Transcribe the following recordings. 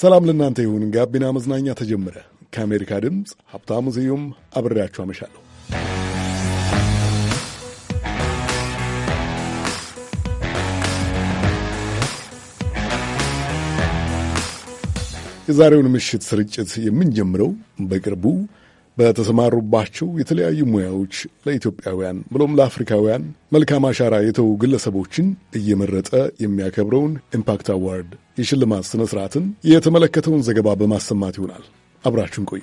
ሰላም ለእናንተ ይሁን። ጋቢና መዝናኛ ተጀመረ። ከአሜሪካ ድምፅ ሀብታሙ ስዩም አብሬያችሁ አመሻለሁ። የዛሬውን ምሽት ስርጭት የምንጀምረው በቅርቡ በተሰማሩባቸው የተለያዩ ሙያዎች ለኢትዮጵያውያን ብሎም ለአፍሪካውያን መልካም አሻራ የተው ግለሰቦችን እየመረጠ የሚያከብረውን ኢምፓክት አዋርድ የሽልማት ስነ ስርዓትን የተመለከተውን ዘገባ በማሰማት ይሆናል። አብራችሁን ቆዩ።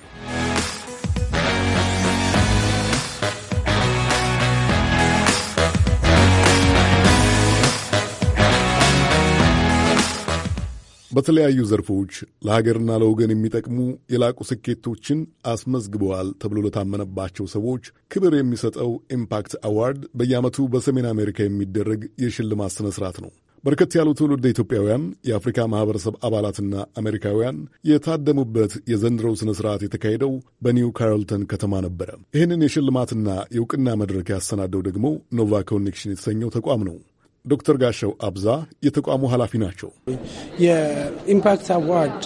በተለያዩ ዘርፎች ለሀገርና ለወገን የሚጠቅሙ የላቁ ስኬቶችን አስመዝግበዋል ተብሎ ለታመነባቸው ሰዎች ክብር የሚሰጠው ኢምፓክት አዋርድ በየዓመቱ በሰሜን አሜሪካ የሚደረግ የሽልማት ስነ ስርዓት ነው። በርከት ያሉ ትውልድ ኢትዮጵያውያን የአፍሪካ ማህበረሰብ አባላትና አሜሪካውያን የታደሙበት የዘንድሮው ስነ ስርዓት የተካሄደው በኒው ካርልተን ከተማ ነበረ። ይህንን የሽልማትና የእውቅና መድረክ ያሰናደው ደግሞ ኖቫ ኮኔክሽን የተሰኘው ተቋም ነው። ዶክተር ጋሻው አብዛ የተቋሙ ኃላፊ ናቸው። የኢምፓክት አዋርድ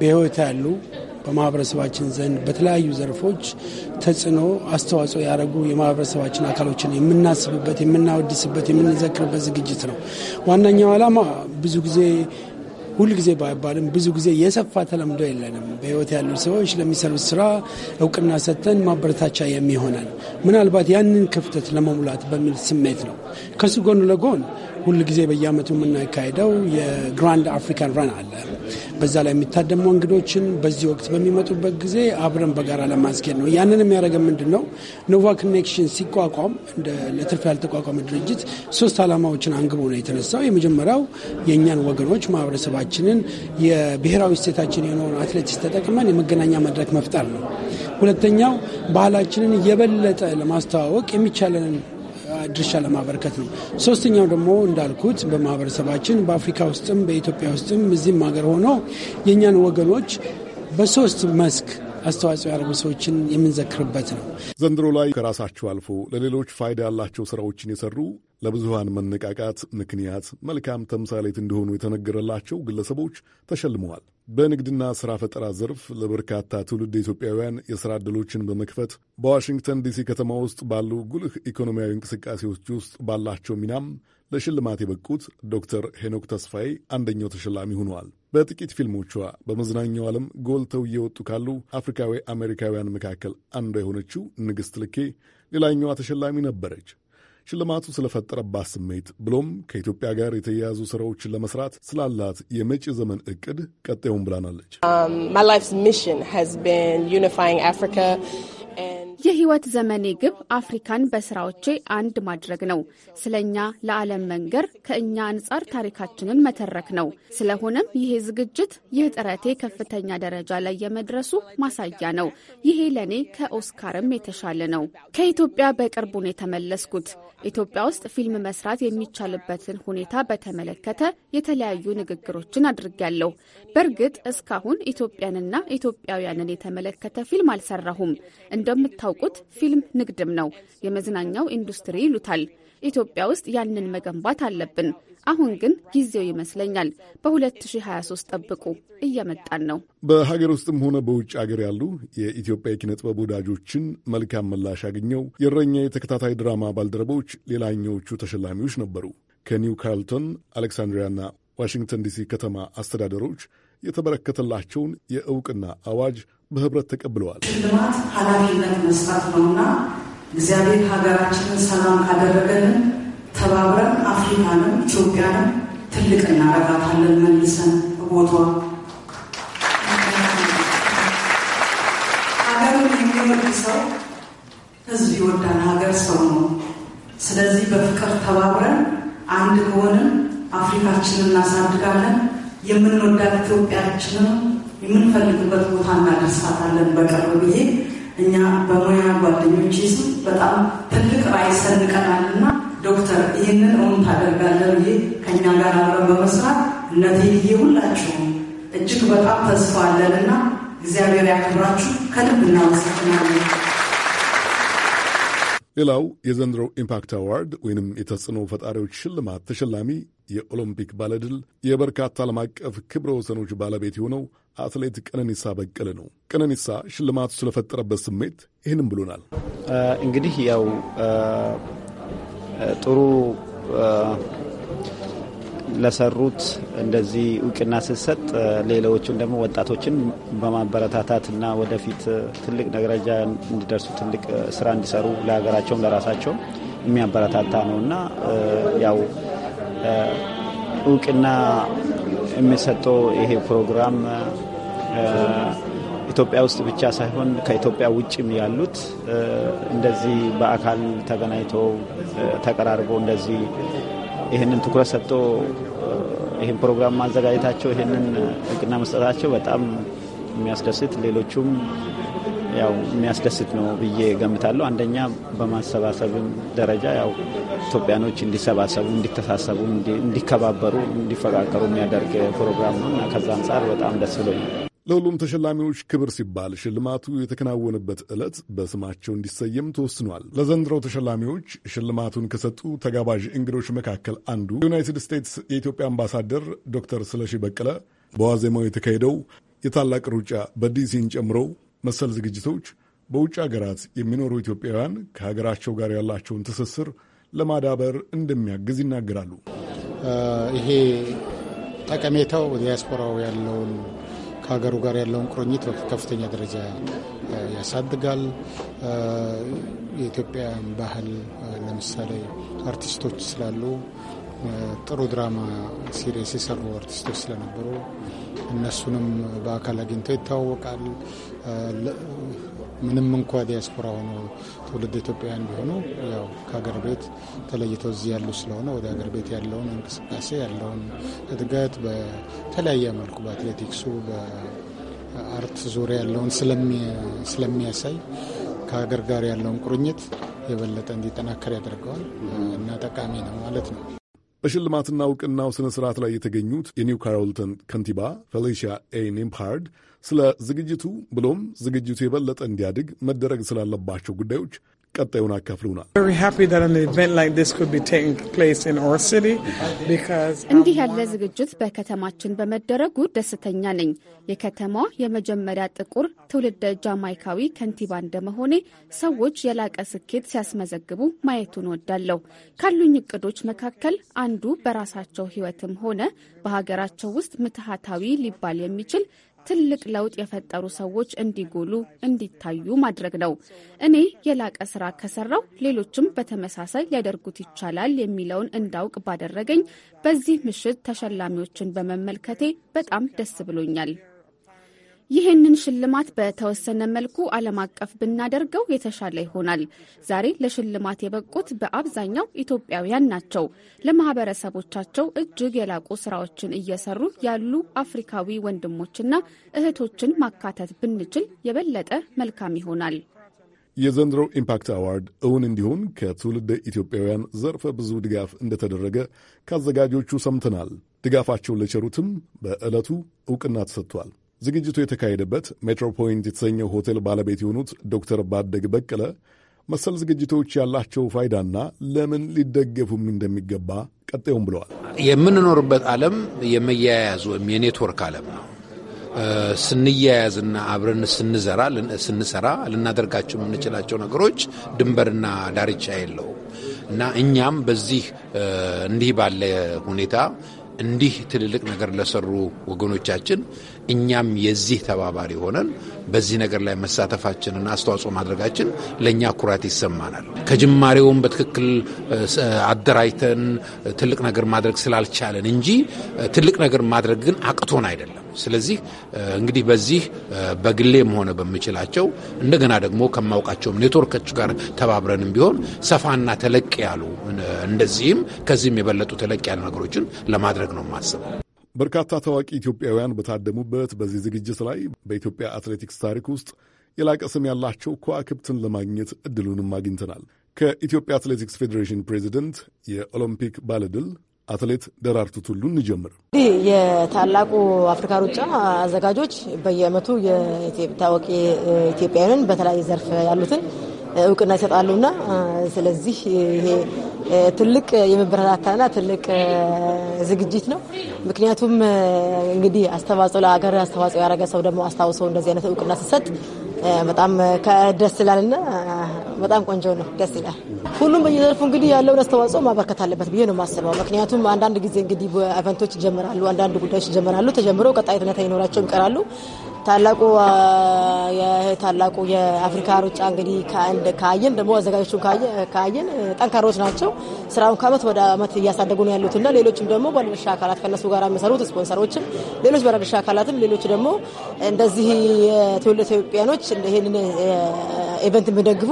በሕይወት ያሉ በማህበረሰባችን ዘንድ በተለያዩ ዘርፎች ተጽዕኖ አስተዋጽኦ ያደረጉ የማህበረሰባችን አካሎችን የምናስብበት፣ የምናወድስበት፣ የምንዘክርበት ዝግጅት ነው። ዋናኛው ዓላማ ብዙ ጊዜ ሁል ጊዜ ባይባልም ብዙ ጊዜ የሰፋ ተለምዶ የለንም። በህይወት ያሉ ሰዎች ለሚሰሩት ስራ እውቅና ሰጥተን ማበረታቻ የሚሆነን ምናልባት ያንን ክፍተት ለመሙላት በሚል ስሜት ነው። ከሱ ጎን ለጎን ሁል ጊዜ በየአመቱ የምናካሄደው የግራንድ አፍሪካን ረን አለ። በዛ ላይ የሚታደሙ እንግዶችን በዚህ ወቅት በሚመጡበት ጊዜ አብረን በጋራ ለማስኬድ ነው። ያንን የሚያደርገን ምንድን ነው? ኖቫ ኮኔክሽን ሲቋቋም ለትርፍ ያልተቋቋመ ድርጅት ሶስት ዓላማዎችን አንግቦ ነው የተነሳው። የመጀመሪያው የእኛን ወገኖች ማህበረሰባችንን የብሔራዊ እሴታችን የሆነውን አትሌቲክስ ተጠቅመን የመገናኛ መድረክ መፍጠር ነው። ሁለተኛው ባህላችንን የበለጠ ለማስተዋወቅ የሚቻለንን ድርሻ ለማበረከት ነው። ሶስተኛው ደግሞ እንዳልኩት በማህበረሰባችን በአፍሪካ ውስጥም በኢትዮጵያ ውስጥም እዚህም ሀገር ሆኖ የእኛን ወገኖች በሶስት መስክ አስተዋጽኦ ያደረጉ ሰዎችን የምንዘክርበት ነው። ዘንድሮ ላይ ከራሳችሁ አልፎ ለሌሎች ፋይዳ ያላቸው ስራዎችን የሰሩ ለብዙሃን መነቃቃት ምክንያት መልካም ተምሳሌት እንደሆኑ የተነገረላቸው ግለሰቦች ተሸልመዋል። በንግድና ሥራ ፈጠራ ዘርፍ ለበርካታ ትውልድ ኢትዮጵያውያን የሥራ ዕድሎችን በመክፈት በዋሽንግተን ዲሲ ከተማ ውስጥ ባሉ ጉልህ ኢኮኖሚያዊ እንቅስቃሴዎች ውስጥ ባላቸው ሚናም ለሽልማት የበቁት ዶክተር ሄኖክ ተስፋዬ አንደኛው ተሸላሚ ሆነዋል። በጥቂት ፊልሞቿ በመዝናኛው ዓለም ጎልተው እየወጡ ካሉ አፍሪካዊ አሜሪካውያን መካከል አንዷ የሆነችው ንግሥት ልኬ ሌላኛዋ ተሸላሚ ነበረች። ሽልማቱ ስለፈጠረባት ስሜት ብሎም ከኢትዮጵያ ጋር የተያያዙ ስራዎችን ለመስራት ስላላት የመጪ ዘመን እቅድ ቀጣዩን ብላናለች። um, የህይወት ዘመኔ ግብ አፍሪካን በስራዎቼ አንድ ማድረግ ነው። ስለ እኛ ለዓለም መንገር፣ ከእኛ አንጻር ታሪካችንን መተረክ ነው። ስለሆነም ይሄ ዝግጅት ይህ ጥረቴ ከፍተኛ ደረጃ ላይ የመድረሱ ማሳያ ነው። ይሄ ለእኔ ከኦስካርም የተሻለ ነው። ከኢትዮጵያ በቅርቡ ነው የተመለስኩት። ኢትዮጵያ ውስጥ ፊልም መስራት የሚቻልበትን ሁኔታ በተመለከተ የተለያዩ ንግግሮችን አድርጊያለሁ። በእርግጥ እስካሁን ኢትዮጵያንና ኢትዮጵያውያንን የተመለከተ ፊልም አልሰራሁም እንደምታ የሚያውቁት ፊልም ንግድም ነው። የመዝናኛው ኢንዱስትሪ ይሉታል። ኢትዮጵያ ውስጥ ያንን መገንባት አለብን። አሁን ግን ጊዜው ይመስለኛል። በ2023 ጠብቁ፣ እየመጣን ነው። በሀገር ውስጥም ሆነ በውጭ ሀገር ያሉ የኢትዮጵያ የኪነ ጥበብ ወዳጆችን መልካም ምላሽ ያገኘው የእረኛ የተከታታይ ድራማ ባልደረቦች ሌላኛዎቹ ተሸላሚዎች ነበሩ። ከኒው ካርልተን፣ አሌክሳንድሪያና ዋሽንግተን ዲሲ ከተማ አስተዳደሮች የተበረከተላቸውን የእውቅና አዋጅ በህብረት ተቀብለዋል። ሽልማት ኃላፊነት መስራት ነውና እግዚአብሔር ሀገራችንን ሰላም ካደረገልን ተባብረን አፍሪካንም ኢትዮጵያንም ትልቅ እናረጋታለን መልሰን ቦታ ሀገርን የሚወድ ሰው ህዝብ ይወዳል። ሀገር ሰው ነው። ስለዚህ በፍቅር ተባብረን አንድ ከሆንን አፍሪካችንን እናሳድጋለን። የምንወዳት ኢትዮጵያችንን የምንፈልግበት ቦታ እናደርሳታለን በቅርብ ጊዜ። እኛ በሙያ ጓደኞች ስም በጣም ትልቅ ራዕይ ሰንቀናልና ዶክተር ይህንን እውን ታደርጋለህ ብዬ ከእኛ ጋር አብረን በመስራት እነቴልዬ ሁላችሁም እጅግ በጣም ተስፋ እና እግዚአብሔር ያክብራችሁ። ከልብ እናመሰግናለን። ሌላው የዘንድሮው ኢምፓክት አዋርድ ወይንም የተጽዕኖ ፈጣሪዎች ሽልማት ተሸላሚ የኦሎምፒክ ባለድል የበርካታ ዓለም አቀፍ ክብረ ወሰኖች ባለቤት የሆነው አትሌት ቀነኒሳ በቀለ ነው። ቀነኒሳ ሽልማቱ ስለፈጠረበት ስሜት ይህንም ብሎናል። እንግዲህ ያው ጥሩ ለሰሩት እንደዚህ እውቅና ስትሰጥ ሌሎችን ደግሞ ወጣቶችን በማበረታታትና ወደፊት ትልቅ ደረጃ እንዲደርሱ ትልቅ ስራ እንዲሰሩ ለሀገራቸውም ለራሳቸውም የሚያበረታታ ነው እና ያው እውቅና የሚሰጠው ይሄ ፕሮግራም ኢትዮጵያ ውስጥ ብቻ ሳይሆን ከኢትዮጵያ ውጭም ያሉት እንደዚህ በአካል ተገናኝቶ ተቀራርቦ እንደዚህ ይህንን ትኩረት ሰጥቶ ይህን ፕሮግራም ማዘጋጀታቸው ይህንን እውቅና መስጠታቸው በጣም የሚያስደስት ሌሎቹም ያው የሚያስደስት ነው ብዬ ገምታለሁ። አንደኛ በማሰባሰብም ደረጃ ያው ኢትዮጵያኖች እንዲሰባሰቡ፣ እንዲተሳሰቡ፣ እንዲከባበሩ፣ እንዲፈቃቀሩ የሚያደርግ ፕሮግራም ነው እና ከዛ አንጻር በጣም ደስ ብሎኛል። ለሁሉም ተሸላሚዎች ክብር ሲባል ሽልማቱ የተከናወነበት ዕለት በስማቸው እንዲሰየም ተወስኗል። ለዘንድሮው ተሸላሚዎች ሽልማቱን ከሰጡ ተጋባዥ እንግዶች መካከል አንዱ ዩናይትድ ስቴትስ የኢትዮጵያ አምባሳደር ዶክተር ስለሺ በቀለ በዋዜማው የተካሄደው የታላቅ ሩጫ በዲሲን ጨምሮ መሰል ዝግጅቶች በውጭ ሀገራት የሚኖሩ ኢትዮጵያውያን ከሀገራቸው ጋር ያላቸውን ትስስር ለማዳበር እንደሚያግዝ ይናገራሉ። ይሄ ጠቀሜታው ዲያስፖራው ያለውን ከሀገሩ ጋር ያለውን ቁርኝት በከፍተኛ ደረጃ ያሳድጋል። የኢትዮጵያ ባህል ለምሳሌ አርቲስቶች ስላሉ ጥሩ ድራማ ሲሪስ የሰሩ አርቲስቶች ስለነበሩ እነሱንም በአካል አግኝቶ ይታወቃል። ምንም እንኳ ዲያስፖራ ሆኖ ትውልድ ኢትዮጵያውያን ቢሆኑ ያው ከሀገር ቤት ተለይተው እዚህ ያሉ ስለሆነ ወደ ሀገር ቤት ያለውን እንቅስቃሴ ያለውን እድገት በተለያየ መልኩ በአትሌቲክሱ፣ በአርት ዙሪያ ያለውን ስለሚያሳይ ከሀገር ጋር ያለውን ቁርኝት የበለጠ እንዲጠናከር ያደርገዋል እና ጠቃሚ ነው ማለት ነው። በሽልማትና እውቅናው ስነ ስርዓት ላይ የተገኙት የኒው ካሮልተን ከንቲባ ፌሊሺያ ኤ ስለ ዝግጅቱ ብሎም ዝግጅቱ የበለጠ እንዲያድግ መደረግ ስላለባቸው ጉዳዮች ቀጣዩን አካፍሉናል። um, እንዲህ ያለ ዝግጅት በከተማችን በመደረጉ ደስተኛ ነኝ። የከተማዋ የመጀመሪያ ጥቁር ትውልደ ጃማይካዊ ከንቲባ እንደመሆኔ ሰዎች የላቀ ስኬት ሲያስመዘግቡ ማየቱን ወዳለሁ። ካሉኝ እቅዶች መካከል አንዱ በራሳቸው ሕይወትም ሆነ በሀገራቸው ውስጥ ምትሃታዊ ሊባል የሚችል ትልቅ ለውጥ የፈጠሩ ሰዎች እንዲጎሉ እንዲታዩ ማድረግ ነው። እኔ የላቀ ስራ ከሰራው ሌሎችም በተመሳሳይ ሊያደርጉት ይቻላል የሚለውን እንዳውቅ ባደረገኝ በዚህ ምሽት ተሸላሚዎችን በመመልከቴ በጣም ደስ ብሎኛል። ይህንን ሽልማት በተወሰነ መልኩ ዓለም አቀፍ ብናደርገው የተሻለ ይሆናል። ዛሬ ለሽልማት የበቁት በአብዛኛው ኢትዮጵያውያን ናቸው። ለማህበረሰቦቻቸው እጅግ የላቁ ስራዎችን እየሰሩ ያሉ አፍሪካዊ ወንድሞችና እህቶችን ማካተት ብንችል የበለጠ መልካም ይሆናል። የዘንድሮው ኢምፓክት አዋርድ እውን እንዲሆን ከትውልደ ኢትዮጵያውያን ዘርፈ ብዙ ድጋፍ እንደተደረገ ከአዘጋጆቹ ሰምተናል። ድጋፋቸውን ለቸሩትም በዕለቱ እውቅና ተሰጥቷል። ዝግጅቱ የተካሄደበት ሜትሮፖይንት የተሰኘው ሆቴል ባለቤት የሆኑት ዶክተር ባደግ በቀለ መሰል ዝግጅቶች ያላቸው ፋይዳና ለምን ሊደገፉም እንደሚገባ ቀጣዩም ብለዋል። የምንኖርበት ዓለም የመያያዝ ወይም የኔትወርክ ዓለም ነው። ስንያያዝና አብረን ስንዘራ ስንሰራ ልናደርጋቸው የምንችላቸው ነገሮች ድንበርና ዳርቻ የለው እና እኛም በዚህ እንዲህ ባለ ሁኔታ እንዲህ ትልልቅ ነገር ለሰሩ ወገኖቻችን እኛም የዚህ ተባባሪ ሆነን በዚህ ነገር ላይ መሳተፋችንና አስተዋጽኦ ማድረጋችን ለእኛ ኩራት ይሰማናል። ከጅማሬውም በትክክል አደራጅተን ትልቅ ነገር ማድረግ ስላልቻለን እንጂ ትልቅ ነገር ማድረግ ግን አቅቶን አይደለም። ስለዚህ እንግዲህ በዚህ በግሌም ሆነ በምችላቸው እንደገና ደግሞ ከማውቃቸውም ኔትወርኮች ጋር ተባብረንም ቢሆን ሰፋና ተለቅ ያሉ እንደዚህም ከዚህም የበለጡ ተለቅ ያሉ ነገሮችን ለማድረግ ነው የማስበው። በርካታ ታዋቂ ኢትዮጵያውያን በታደሙበት በዚህ ዝግጅት ላይ በኢትዮጵያ አትሌቲክስ ታሪክ ውስጥ የላቀ ስም ያላቸው ከዋክብትን ለማግኘት እድሉንም አግኝተናል። ከኢትዮጵያ አትሌቲክስ ፌዴሬሽን ፕሬዚደንት የኦሎምፒክ ባለድል አትሌት ደራርቱ ቱሉ እንጀምር። እንግዲህ የታላቁ አፍሪካ ሩጫ አዘጋጆች በየዓመቱ ታዋቂ ኢትዮጵያውያንን በተለያየ ዘርፍ ያሉትን እውቅና ይሰጣሉና ስለዚህ ይሄ ትልቅ የመበረታታና ትልቅ ዝግጅት ነው። ምክንያቱም እንግዲህ አስተዋጽኦ ለሀገር አስተዋጽኦ ያደረገ ሰው ደግሞ አስታውሰው እንደዚህ አይነት እውቅና ሲሰጥ በጣም ደስ ይላልና በጣም ቆንጆ ነው። ደስ ይላል። ሁሉም በየዘርፉ እንግዲህ ያለውን አስተዋጽኦ ማበርከት አለበት ብዬ ነው የማስበው። ምክንያቱም አንዳንድ ጊዜ እንግዲህ ኢቨንቶች ይጀምራሉ፣ አንዳንድ ጉዳዮች ይጀምራሉ፣ ተጀምረው ቀጣይነት ይኖራቸው ይቀራሉ። ታላቁ ታላቁ የአፍሪካ ሩጫ እንግዲህ ከአየን ደግሞ አዘጋጆቹ ካየን ጠንካሮች ናቸው። ስራውን ከአመት ወደ አመት እያሳደጉ ነው ያሉት እና ሌሎችም ደግሞ ባለድርሻ አካላት ከነሱ ጋር የሚሰሩት ስፖንሰሮችም፣ ሌሎች ባለድርሻ አካላትም፣ ሌሎች ደግሞ እንደዚህ የትውልድ ኢትዮጵያኖች ይህንን ኢቨንት የሚደግፉ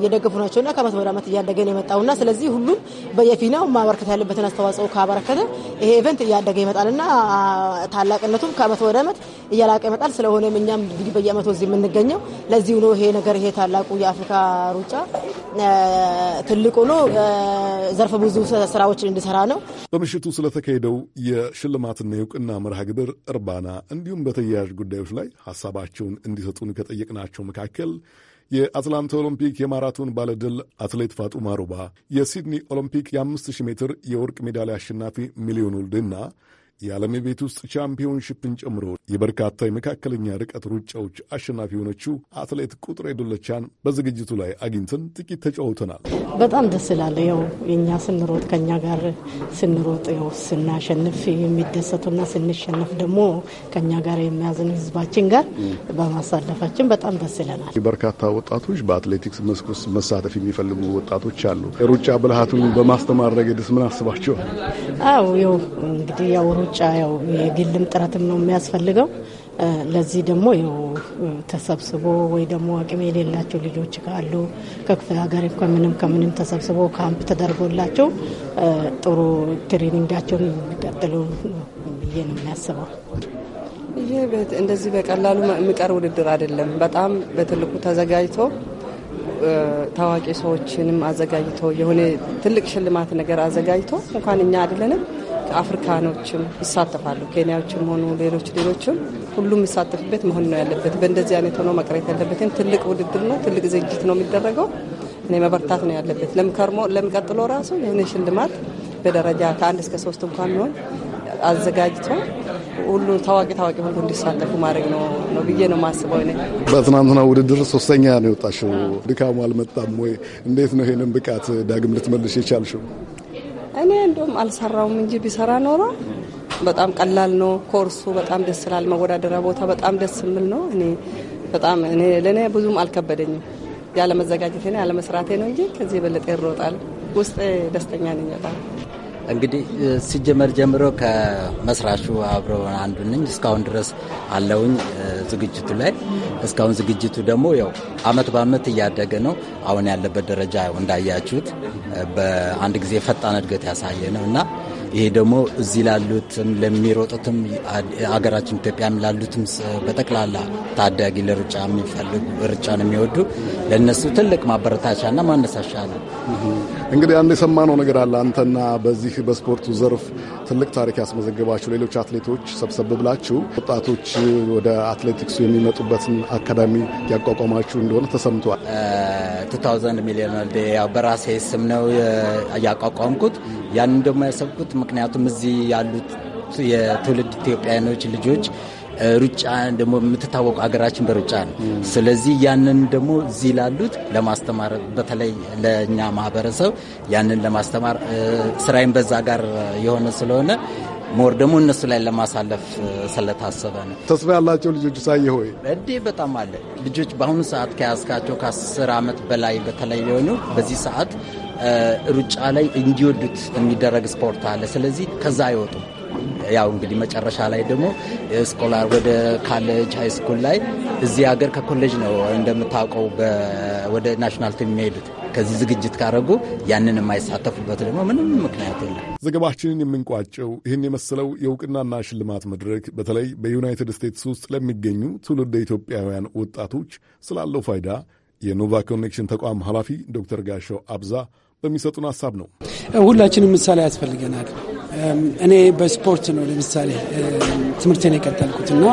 እየደገፉ ናቸው እና ከአመት ወደ አመት እያደገ ነው የመጣው እና ስለዚህ ሁሉም በየፊናው ማበረከት ያለበትን አስተዋጽኦ ካበረከተ ይሄ ኢቨንት እያደገ ይመጣል እና ታላቅነቱም ከአመት ወደ አመት እያላ እየተራራቀ ይመጣል። ስለሆነም እኛም እንግዲህ በየአመቱ እዚህ የምንገኘው ለዚሁ ነው። ይሄ ነገር ይሄ ታላቁ የአፍሪካ ሩጫ ትልቁ ነው። ዘርፈ ብዙ ስራዎችን እንዲሰራ ነው። በምሽቱ ስለተካሄደው የሽልማትና የእውቅና መርሃ ግብር እርባና፣ እንዲሁም በተያያዥ ጉዳዮች ላይ ሀሳባቸውን እንዲሰጡን ከጠየቅናቸው መካከል የአትላንታ ኦሎምፒክ የማራቶን ባለድል አትሌት ፋጡማ ሮባ፣ የሲድኒ ኦሎምፒክ የ5000 ሜትር የወርቅ ሜዳሊያ አሸናፊ ሚሊዮን ወልድና የዓለም የቤት ውስጥ ቻምፒዮንሽፕን ጨምሮ የበርካታ የመካከለኛ ርቀት ሩጫዎች አሸናፊ የሆነችው አትሌት ቁጥሬ ዱለቻን በዝግጅቱ ላይ አግኝተን ጥቂት ተጫውተናል። በጣም ደስ ይላል። ያው የእኛ ስንሮጥ ከኛ ጋር ስንሮጥ ያው ስናሸንፍ የሚደሰቱና ስንሸነፍ ደግሞ ከኛ ጋር የሚያዝን ህዝባችን ጋር በማሳለፋችን በጣም ደስ ይለናል። በርካታ ወጣቶች በአትሌቲክስ መስክ ውስጥ መሳተፍ የሚፈልጉ ወጣቶች አሉ። ሩጫ ብልሃቱን በማስተማር ረገድስ ምን አስባቸዋል? አዎ ያው እንግዲህ ያው ምርጫ ያው የግልም ጥረትም ነው የሚያስፈልገው። ለዚህ ደግሞ ያው ተሰብስቦ ወይ ደግሞ አቅም የሌላቸው ልጆች ካሉ ከክፍለ ሀገር ከምንም ከምንም ተሰብስቦ ካምፕ ተደርጎላቸው ጥሩ ትሬኒንጋቸውን የሚቀጥሉ ብዬ ነው የሚያስበው። ይህ እንደዚህ በቀላሉ የሚቀር ውድድር አይደለም። በጣም በትልቁ ተዘጋጅቶ ታዋቂ ሰዎችንም አዘጋጅቶ የሆነ ትልቅ ሽልማት ነገር አዘጋጅቶ እንኳን እኛ አይደለንም አፍሪካኖችም ይሳተፋሉ። ኬንያዎችም ሆኑ ሌሎች ሌሎችም ሁሉም ይሳተፍበት መሆን ነው ያለበት። በእንደዚህ አይነት ሆኖ መቅረት ያለበትም ትልቅ ውድድር ነው፣ ትልቅ ዝግጅት ነው የሚደረገው። እኔ መበርታት ነው ያለበት። ለምከርሞ ለምቀጥሎ ራሱ የሆነ ሽልማት በደረጃ ከአንድ እስከ ሶስት እንኳን ቢሆን አዘጋጅቶ ሁሉ ታዋቂ ታዋቂ ሁሉ እንዲሳተፉ ማድረግ ነው ነው ብዬ ነው ማስበው። እኔ በትናንትና ውድድር ሶስተኛ ነው የወጣሽው። ድካሙ አልመጣም ወይ? እንዴት ነው ይሄንን ብቃት ዳግም ልትመልሽ የቻልሽው? እኔ እንደውም አልሰራውም እንጂ ቢሰራ ኖሮ በጣም ቀላል ነው። ኮርሱ በጣም ደስ ስላል መወዳደሪያ ቦታ በጣም ደስ የሚል ነው። እኔ በጣም እኔ ለእኔ ብዙም አልከበደኝም። ያለመዘጋጀቴ ያለመስራቴ ነው እንጂ ከዚህ የበለጠ ይሮጣል። ውስጥ ደስተኛ ነኝ በጣም እንግዲህ ሲጀመር ጀምሮ ከመስራቹ አብረው አንዱ ነኝ። እስካሁን ድረስ አለውኝ ዝግጅቱ ላይ። እስካሁን ዝግጅቱ ደግሞ ያው አመት በአመት እያደገ ነው። አሁን ያለበት ደረጃ እንዳያችሁት በአንድ ጊዜ ፈጣን እድገት ያሳየ ነው እና ይሄ ደግሞ እዚህ ላሉትም ለሚሮጡትም ሀገራችን ኢትዮጵያም ላሉትም በጠቅላላ ታዳጊ ለሩጫ የሚፈልጉ ሩጫን የሚወዱ ለእነሱ ትልቅ ማበረታቻና ማነሳሻ ነው። እንግዲህ አንድ የሰማነው ነገር አለ። አንተና በዚህ በስፖርቱ ዘርፍ ትልቅ ታሪክ ያስመዘግባችሁ ሌሎች አትሌቶች ሰብሰብ ብላችሁ ወጣቶች ወደ አትሌቲክሱ የሚመጡበትን አካዳሚ ያቋቋማችሁ እንደሆነ ተሰምቷል። ቱ ሚሊዮን በራሴ ስም ነው ያቋቋምኩት። ያንን ደግሞ ያሰብኩት ምክንያቱም እዚህ ያሉት የትውልድ ኢትዮጵያኖች ልጆች ሩጫ ደግሞ የምትታወቁ ሀገራችን በሩጫ ነው። ስለዚህ ያንን ደግሞ እዚህ ላሉት ለማስተማር በተለይ ለእኛ ማህበረሰብ ያንን ለማስተማር ስራዬን በዛ ጋር የሆነ ስለሆነ ሞር ደግሞ እነሱ ላይ ለማሳለፍ ስለታሰበ ነው። ተስፋ ያላቸው ልጆች ሳየ ሆይ እንዲህ በጣም አለ ልጆች በአሁኑ ሰዓት ከያዝካቸው ከአስር ዓመት በላይ በተለይ ሊሆኑ በዚህ ሰዓት ሩጫ ላይ እንዲወዱት የሚደረግ ስፖርት አለ። ስለዚህ ከዛ አይወጡም ያው እንግዲህ መጨረሻ ላይ ደግሞ ስኮላር ወደ ካሌጅ ሀይ ስኩል ላይ እዚህ ሀገር ከኮሌጅ ነው እንደምታውቀው ወደ ናሽናል ቲም የሚሄዱት። ከዚህ ዝግጅት ካረጉ ያንን የማይሳተፉበት ደግሞ ምንም ምክንያት የለም። ዘገባችንን የምንቋጨው ይህን የመሰለው የእውቅናና ሽልማት መድረክ በተለይ በዩናይትድ ስቴትስ ውስጥ ለሚገኙ ትውልደ ኢትዮጵያውያን ወጣቶች ስላለው ፋይዳ የኖቫ ኮኔክሽን ተቋም ኃላፊ ዶክተር ጋሻው አብዛ በሚሰጡን ሀሳብ ነው። ሁላችንም ምሳሌ ያስፈልገናል። እኔ በስፖርት ነው ለምሳሌ ትምህርቴን የቀጠልኩት እና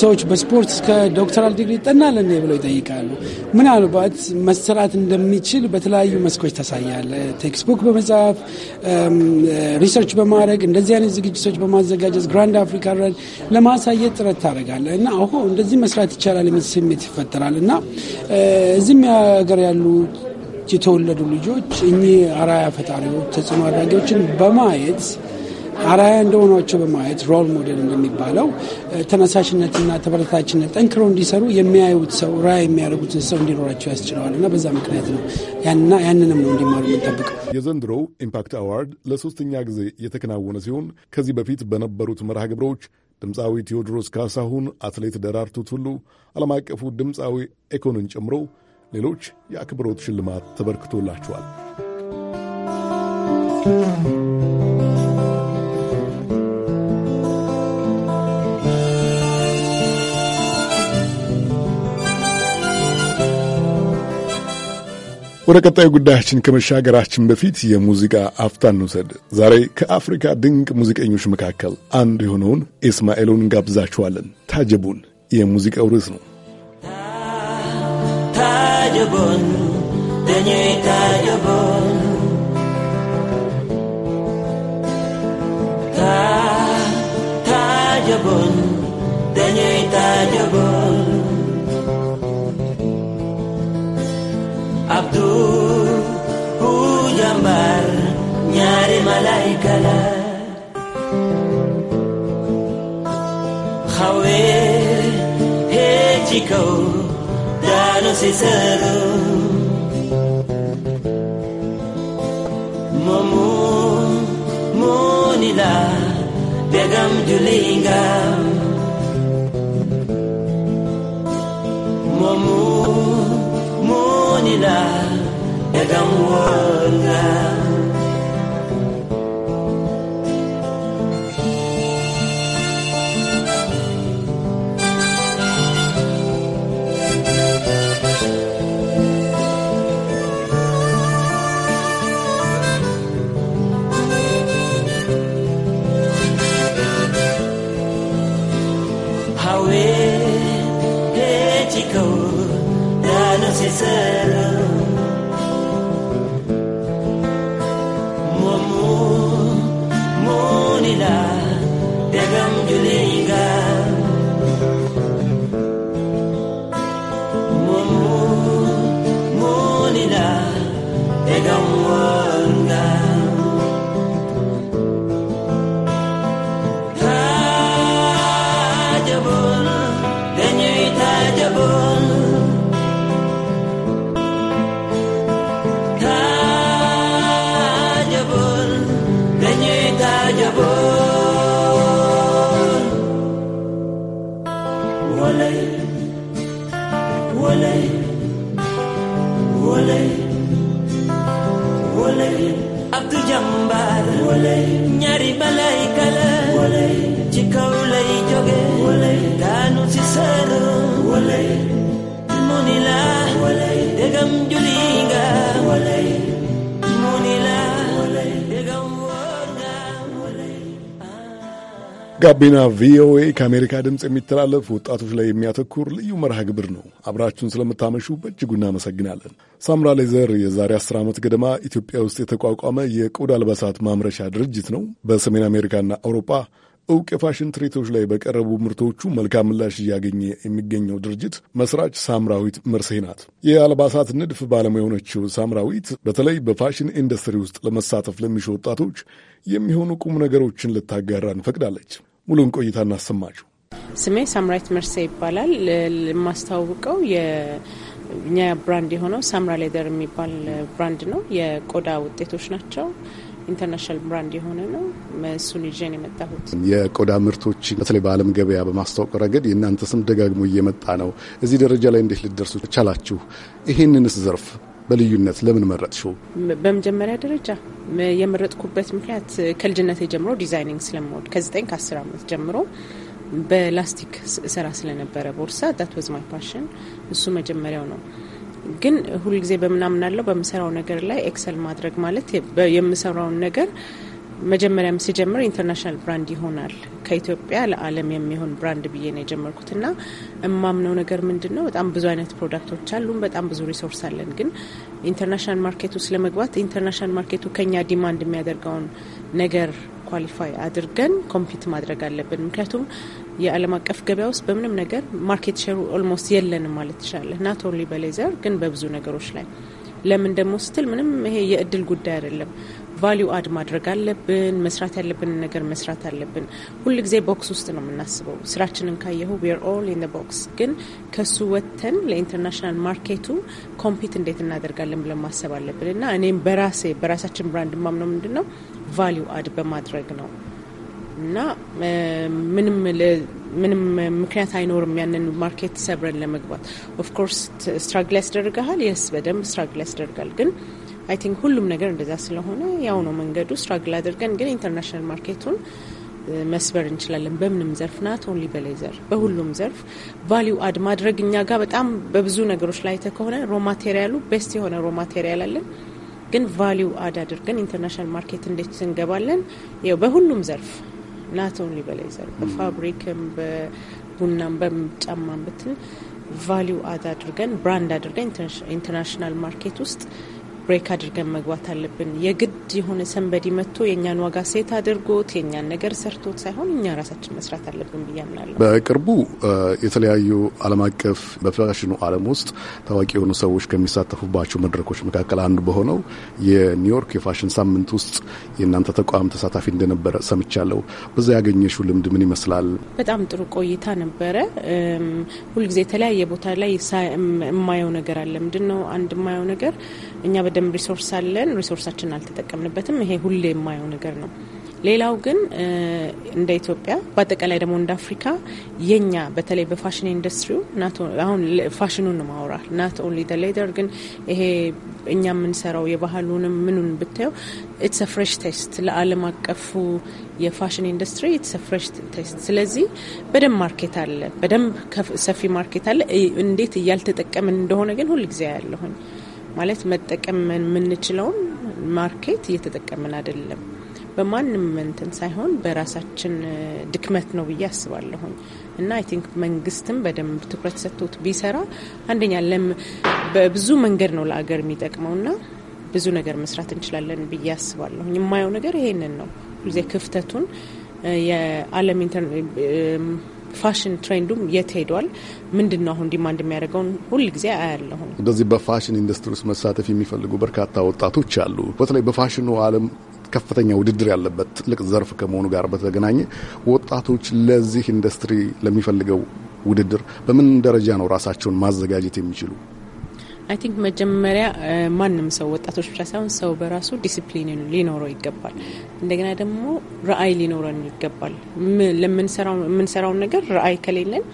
ሰዎች በስፖርት እስከ ዶክተራል ዲግሪ ይጠናል እንዴ ብለው ይጠይቃሉ። ምናልባት መሰራት እንደሚችል በተለያዩ መስኮች ታሳያለ። ቴክስቡክ በመጻፍ ሪሰርች በማድረግ እንደዚህ አይነት ዝግጅቶች በማዘጋጀት ግራንድ አፍሪካ ረን ለማሳየት ጥረት ታደርጋለ እና አሁ እንደዚህ መስራት ይቻላል የሚል ስሜት ይፈጠራል እና እዚህም ሀገር ያሉ የተወለዱ ልጆች እኚህ አራያ ፈጣሪዎች ተጽዕኖ አድራጊዎችን በማየት አራያ እንደሆኗቸው በማየት ሮል ሞዴል እንደሚባለው ተነሳሽነትና ተበረታችነት ጠንክረው እንዲሰሩ የሚያዩት ሰው ራ የሚያደርጉትን ሰው እንዲኖራቸው ያስችለዋል እና በዛ ምክንያት ነው ያንና ያንንም ነው እንዲማሩ የምንጠብቀው። የዘንድሮው ኢምፓክት አዋርድ ለሶስተኛ ጊዜ የተከናወነ ሲሆን ከዚህ በፊት በነበሩት መርሃ ግብሮች ድምፃዊ ቴዎድሮስ ካሳሁን፣ አትሌት ደራርቱ ቱሉ፣ ዓለም አቀፉ ድምፃዊ ኤኮንን ጨምሮ ሌሎች የአክብሮት ሽልማት ተበርክቶላቸዋል። ወደ ቀጣዩ ጉዳያችን ከመሻገራችን በፊት የሙዚቃ አፍታን እንውሰድ። ዛሬ ከአፍሪካ ድንቅ ሙዚቀኞች መካከል አንዱ የሆነውን ኢስማኤልን እንጋብዛችኋለን። ታጀቡን የሙዚቃው ርዕስ ነው። ታጀቡን ታጀቡን ታጀቡን ታጀቡን tu mala nyare cala, jaue he chico danos y cerros world. ጋቢና ቪኦኤ ከአሜሪካ ድምፅ የሚተላለፍ ወጣቶች ላይ የሚያተኩር ልዩ መርሃ ግብር ነው። አብራችሁን ስለምታመሹ በእጅጉ እናመሰግናለን። ሳምራ ሌዘር የዛሬ አስር ዓመት ገደማ ኢትዮጵያ ውስጥ የተቋቋመ የቆዳ አልባሳት ማምረቻ ድርጅት ነው። በሰሜን አሜሪካና አውሮፓ እውቅ የፋሽን ትርኢቶች ላይ በቀረቡ ምርቶቹ መልካም ምላሽ እያገኘ የሚገኘው ድርጅት መስራች ሳምራዊት መርሴ ናት። የአልባሳት ንድፍ ባለሙያ የሆነችው ሳምራዊት በተለይ በፋሽን ኢንዱስትሪ ውስጥ ለመሳተፍ ለሚሹ ወጣቶች የሚሆኑ ቁም ነገሮችን ልታጋራን ፈቅዳለች። ሙሉን ቆይታ እናሰማችሁ። ስሜ ሳምራዊት መርሴ ይባላል። የማስተዋውቀው የእኛ ብራንድ የሆነው ሳምራ ሌደር የሚባል ብራንድ ነው። የቆዳ ውጤቶች ናቸው። ኢንተርናሽናል ብራንድ የሆነ ነው። እሱን ይዤን የመጣሁት የቆዳ ምርቶች በተለይ በዓለም ገበያ በማስታወቅ ረገድ የእናንተ ስም ደጋግሞ እየመጣ ነው። እዚህ ደረጃ ላይ እንዴት ልደርሱ ቻላችሁ? ይህንንስ ዘርፍ በልዩነት ለምን መረጥሽው? በመጀመሪያ ደረጃ የመረጥኩበት ምክንያት ከልጅነት ጀምሮ ዲዛይኒንግ ስለምወድ ከዘጠኝ ከአስር ዓመት ጀምሮ በላስቲክ ስራ ስለነበረ ቦርሳ ዳት ወዝ ማይ ፓሽን እሱ መጀመሪያው ነው። ግን ሁልጊዜ በምናምናለው በምሰራው ነገር ላይ ኤክሰል ማድረግ ማለት የምሰራውን ነገር መጀመሪያም ስጀምር ኢንተርናሽናል ብራንድ ይሆናል ከኢትዮጵያ ለዓለም የሚሆን ብራንድ ብዬ ነው የጀመርኩት። ና እማምነው ነገር ምንድን ነው? በጣም ብዙ አይነት ፕሮዳክቶች አሉን፣ በጣም ብዙ ሪሶርስ አለን። ግን ኢንተርናሽናል ማርኬቱ ውስጥ ለመግባት ኢንተርናሽናል ማርኬቱ ከኛ ዲማንድ የሚያደርገውን ነገር ኳሊፋይ አድርገን ኮምፒት ማድረግ አለብን። ምክንያቱም የዓለም አቀፍ ገበያ ውስጥ በምንም ነገር ማርኬት ሸሩ ኦልሞስት የለንም ማለት ትችላለህ። ናት ኦንሊ በሌዘር ግን በብዙ ነገሮች ላይ ለምን ደግሞ ስትል ምንም ይሄ የእድል ጉዳይ አይደለም። ቫሊዩ አድ ማድረግ አለብን። መስራት ያለብንን ነገር መስራት አለብን። ሁል ጊዜ ቦክስ ውስጥ ነው የምናስበው። ስራችንን ካየሁ ዌር ኦል ኢን ቦክስ፣ ግን ከሱ ወጥተን ለኢንተርናሽናል ማርኬቱ ኮምፒት እንዴት እናደርጋለን ብለን ማሰብ አለብን እና እኔም በራሴ በራሳችን ብራንድ ማምነው ምንድን ነው ቫሊዩ አድ በማድረግ ነው እና ምንም ምክንያት አይኖርም ያንን ማርኬት ሰብረን ለመግባት። ኦፍኮርስ ስትራግል ያስደርጋል። የስ በደንብ ስትራግል ያስደርጋል። ግን አይ ቲንክ ሁሉም ነገር እንደዛ ስለሆነ ያው ነው መንገዱ። ስትራግል አድርገን ግን ኢንተርናሽናል ማርኬቱን መስበር እንችላለን። በምንም ዘርፍ ናት ኦንሊ በሌዘር በሁሉም ዘርፍ ቫሊዩ አድ ማድረግ እኛ ጋር በጣም በብዙ ነገሮች ላይ ተ ከሆነ ሮ ማቴሪያሉ ቤስት የሆነ ሮ ማቴሪያል አለን። ግን ቫሊዩ አድ አድርገን ኢንተርናሽናል ማርኬት እንዴት እንገባለን? ያው በሁሉም ዘርፍ ናት ናቶንሊ በሌዘር በፋብሪክም በቡናም በጫማም ብትል ቫሊዩ አድ አድርገን ብራንድ አድርገን ኢንተርናሽናል ማርኬት ውስጥ ብሬክ አድርገን መግባት አለብን። የግድ የሆነ ሰንበዲ መጥቶ የእኛን ዋጋ ሴት አድርጎት የእኛን ነገር ሰርቶት ሳይሆን እኛ ራሳችን መስራት አለብን ብዬ አምናለሁ። በቅርቡ የተለያዩ ዓለም አቀፍ በፋሽኑ ዓለም ውስጥ ታዋቂ የሆኑ ሰዎች ከሚሳተፉባቸው መድረኮች መካከል አንዱ በሆነው የኒውዮርክ የፋሽን ሳምንት ውስጥ የእናንተ ተቋም ተሳታፊ እንደነበረ ሰምቻለሁ። በዛ ያገኘሽው ልምድ ምን ይመስላል? በጣም ጥሩ ቆይታ ነበረ። ሁልጊዜ የተለያየ ቦታ ላይ የማየው ነገር አለ። ምንድን ነው አንድ የማየው ነገር እኛ በደንብ ሪሶርስ አለን፣ ሪሶርሳችንን አልተጠቀምንበትም። ይሄ ሁሌ የማየው ነገር ነው። ሌላው ግን እንደ ኢትዮጵያ በአጠቃላይ ደግሞ እንደ አፍሪካ የኛ በተለይ በፋሽን ኢንዱስትሪው አሁን ፋሽኑን ማውራ ናት ኦንሊ ደ ሌደር ግን ይሄ እኛ የምንሰራው የባህሉንም ምኑን ብታየው ኢትስ ፍሬሽ ቴስት ለዓለም አቀፉ የፋሽን ኢንዱስትሪ ኢትስ ፍሬሽ ቴስት። ስለዚህ በደንብ ማርኬት አለ፣ በደንብ ሰፊ ማርኬት አለ። እንዴት እያልተጠቀምን እንደሆነ ግን ሁልጊዜ ያለሁኝ ማለት መጠቀም የምንችለውን ማርኬት እየተጠቀምን አይደለም። በማንም እንትን ሳይሆን በራሳችን ድክመት ነው ብዬ አስባለሁኝ። እና አይ ቲንክ መንግስትም በደንብ ትኩረት ሰጥቶት ቢሰራ አንደኛ ለም በብዙ መንገድ ነው ለአገር የሚጠቅመውና ብዙ ነገር መስራት እንችላለን ብዬ አስባለሁኝ። የማየው ነገር ይሄንን ነው። ሁልጊዜ ክፍተቱን የዓለም ፋሽን ትሬንዱም የት ሄዷል፣ ምንድን ነው አሁን ዲማንድ የሚያደርገውን ሁል ጊዜ አያለሁም። እንደዚህ በፋሽን ኢንዱስትሪ ውስጥ መሳተፍ የሚፈልጉ በርካታ ወጣቶች አሉ። በተለይ በፋሽኑ ዓለም ከፍተኛ ውድድር ያለበት ትልቅ ዘርፍ ከመሆኑ ጋር በተገናኘ ወጣቶች ለዚህ ኢንዱስትሪ ለሚፈልገው ውድድር በምን ደረጃ ነው ራሳቸውን ማዘጋጀት የሚችሉ? አይ ቲንክ መጀመሪያ ማንም ሰው ወጣቶች ብቻ ሳይሆን ሰው በራሱ ዲሲፕሊን ሊኖረው ይገባል። እንደገና ደግሞ ራዕይ ሊኖረን ይገባል። የምንሰራውን ነገር ራዕይ ከሌለን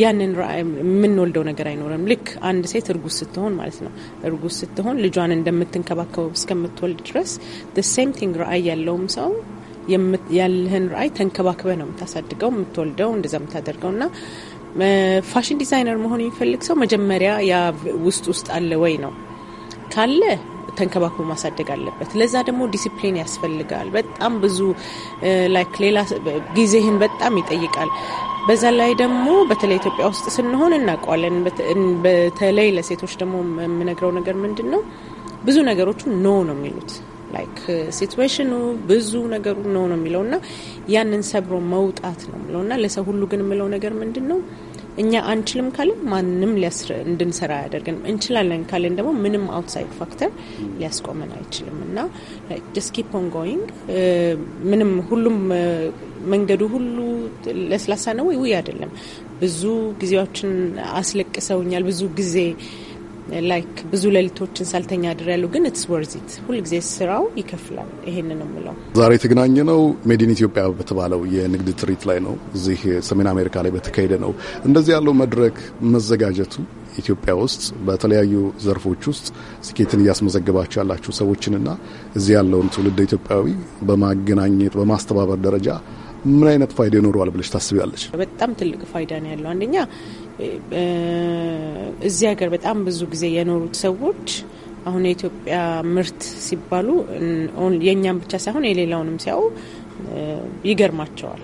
ያንን የምንወልደው ነገር አይኖረም። ልክ አንድ ሴት እርጉዝ ስትሆን ማለት ነው እርጉዝ ስትሆን ልጇን እንደምትንከባከበው እስከምትወልድ ድረስ ሴም ቲንግ ራዕይ ያለውም ሰው ያለህን ራዕይ ተንከባክበ ነው የምታሳድገው የምትወልደው እንደዛ የምታደርገው እና ፋሽን ዲዛይነር መሆን የሚፈልግ ሰው መጀመሪያ ያ ውስጥ ውስጥ አለ ወይ ነው። ካለ ተንከባክቦ ማሳደግ አለበት። ለዛ ደግሞ ዲሲፕሊን ያስፈልጋል። በጣም ብዙ ላይክ ሌላ ጊዜህን በጣም ይጠይቃል። በዛ ላይ ደግሞ በተለይ ኢትዮጵያ ውስጥ ስንሆን እናውቀዋለን። በተለይ ለሴቶች ደግሞ የምነግረው ነገር ምንድን ነው፣ ብዙ ነገሮቹ ኖ ነው የሚሉት ላይክ ሲትዌሽኑ uh, ብዙ ነገሩ ነው ነው የሚለው ና ያንን ሰብሮ መውጣት ነው የሚለው ና ለሰው ሁሉ ግን የምለው ነገር ምንድን ነው እኛ አንችልም ካለ ማንም እንድንሰራ አያደርገንም። እንችላለን ካለን ደግሞ ምንም አውትሳይድ ፋክተር ሊያስቆመን አይችልም እና ጀስት ኪፕ ኦን ጎይንግ ምንም ሁሉም uh, መንገዱ ሁሉ ለስላሳ ነው ወይ? ውይ አይደለም። ብዙ ጊዜዎችን አስለቅሰውኛል። ብዙ ጊዜ ላይክ ብዙ ሌሊቶችን ሳልተኛ ድር ያሉ ግን ኢትስ ወርዚት ሁልጊዜ ስራው ይከፍላል። ይሄን ነው የምለው። ዛሬ የተገናኘ ነው ሜዲን ኢትዮጵያ በተባለው የንግድ ትርኢት ላይ ነው። እዚህ ሰሜን አሜሪካ ላይ በተካሄደ ነው። እንደዚህ ያለው መድረክ መዘጋጀቱ ኢትዮጵያ ውስጥ በተለያዩ ዘርፎች ውስጥ ስኬትን እያስመዘገባቸው ያላችሁ ሰዎችንና እዚህ ያለውን ትውልድ ኢትዮጵያዊ በማገናኘት በማስተባበር ደረጃ ምን አይነት ፋይዳ ይኖረዋል ብለሽ ታስቢያለች? በጣም ትልቅ ፋይዳ ነው ያለው አንደኛ እዚህ ሀገር በጣም ብዙ ጊዜ የኖሩት ሰዎች አሁን የኢትዮጵያ ምርት ሲባሉ የእኛም ብቻ ሳይሆን የሌላውንም ሲያዩ ይገርማቸዋል።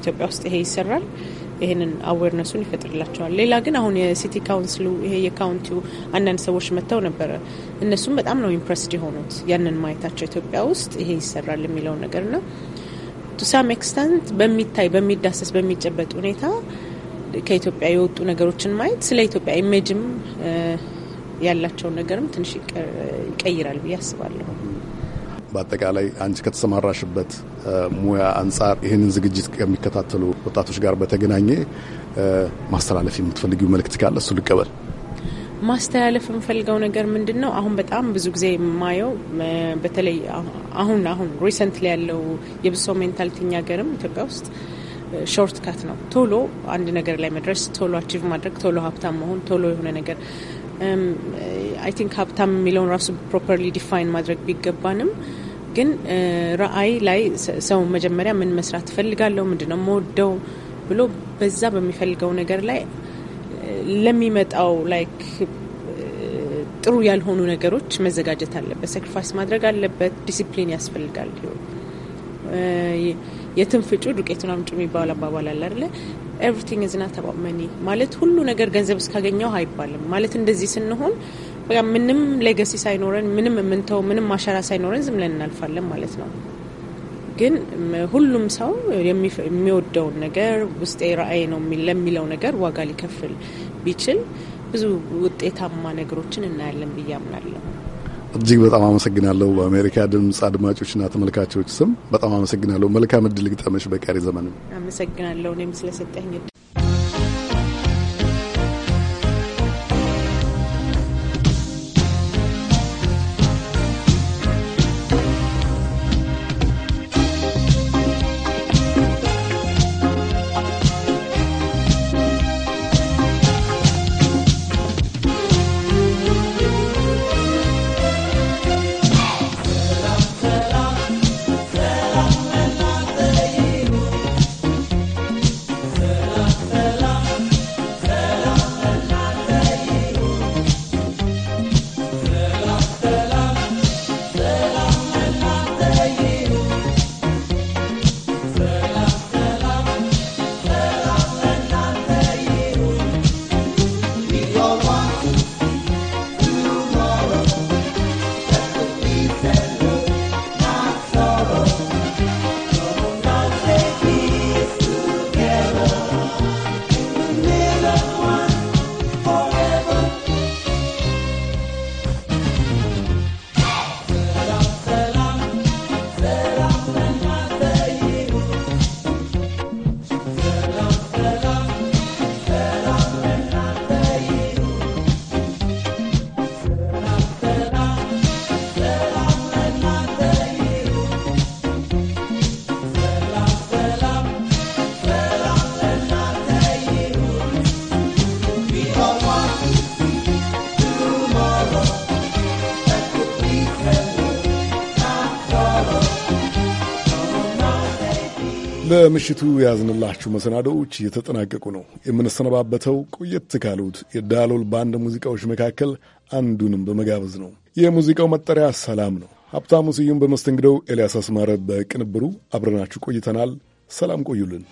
ኢትዮጵያ ውስጥ ይሄ ይሰራል፣ ይህንን አዌርነሱን ይፈጥርላቸዋል። ሌላ ግን አሁን የሲቲ ካውንስሉ ይሄ የካውንቲው አንዳንድ ሰዎች መጥተው ነበረ። እነሱም በጣም ነው ኢምፕረስድ የሆኑት ያንን ማየታቸው ኢትዮጵያ ውስጥ ይሄ ይሰራል የሚለውን ነገር ና ቱ ሳም ኤክስተንት በሚታይ በሚዳሰስ በሚጨበጥ ሁኔታ ከኢትዮጵያ የወጡ ነገሮችን ማየት ስለ ኢትዮጵያ ኢሜጅም ያላቸውን ነገርም ትንሽ ይቀይራል ብዬ አስባለሁ። በአጠቃላይ አንቺ ከተሰማራሽበት ሙያ አንጻር ይህንን ዝግጅት ከሚከታተሉ ወጣቶች ጋር በተገናኘ ማስተላለፍ የምትፈልጊው መልእክት ካለ እሱ ልቀበል። ማስተላለፍ የምፈልገው ነገር ምንድን ነው? አሁን በጣም ብዙ ጊዜ የማየው በተለይ አሁን አሁን ሪሰንትሊ ያለው የብሶ ሜንታልቲኛ ሀገርም ኢትዮጵያ ውስጥ ሾርት ካት ነው። ቶሎ አንድ ነገር ላይ መድረስ፣ ቶሎ አቺቭ ማድረግ፣ ቶሎ ሀብታም መሆን፣ ቶሎ የሆነ ነገር አይ ቲንክ ሀብታም የሚለውን ራሱ ፕሮፐርሊ ዲፋይን ማድረግ ቢገባንም ግን ረአይ ላይ ሰው መጀመሪያ ምን መስራት ትፈልጋለሁ፣ ምንድነው መወደው ብሎ በዛ በሚፈልገው ነገር ላይ ለሚመጣው ላይክ ጥሩ ያልሆኑ ነገሮች መዘጋጀት አለበት፣ ሰክሪፋይስ ማድረግ አለበት። ዲሲፕሊን ያስፈልጋል። የትንፍጩ ዱቄቱን አምጪ የሚባል አባባል አለ አይደለ? ኤቭሪቲንግ ኢዝ ናት አባውት መኒ ማለት ሁሉ ነገር ገንዘብ እስካገኘው አይባልም ማለት እንደዚህ ስንሆን በቃ ምንም ሌገሲ ሳይኖረን ምንም የምንተው ምንም ማሻራ ሳይኖረን ዝም ብለን እናልፋለን ማለት ነው። ግን ሁሉም ሰው የሚወደውን ነገር ውስጤ ራዕይ ነው ለሚለው ነገር ዋጋ ሊከፍል ቢችል ብዙ ውጤታማ ነገሮችን እናያለን ብዬ አምናለሁ። እጅግ በጣም አመሰግናለሁ። በአሜሪካ ድምፅ አድማጮችና ተመልካቾች ስም በጣም አመሰግናለሁ። መልካም እድል ግጠመሽ በቀሪ ዘመንም። አመሰግናለሁ እኔም ስለሰጠኝ ለምሽቱ የያዝንላችሁ መሰናዶዎች እየተጠናቀቁ ነው። የምንሰነባበተው ቆየት ካሉት የዳሎል ባንድ ሙዚቃዎች መካከል አንዱንም በመጋበዝ ነው። የሙዚቃው መጠሪያ ሰላም ነው። ሀብታሙ ስዩም በመስተንግደው፣ ኤልያስ አስማረ በቅንብሩ አብረናችሁ ቆይተናል። ሰላም ቆዩልን።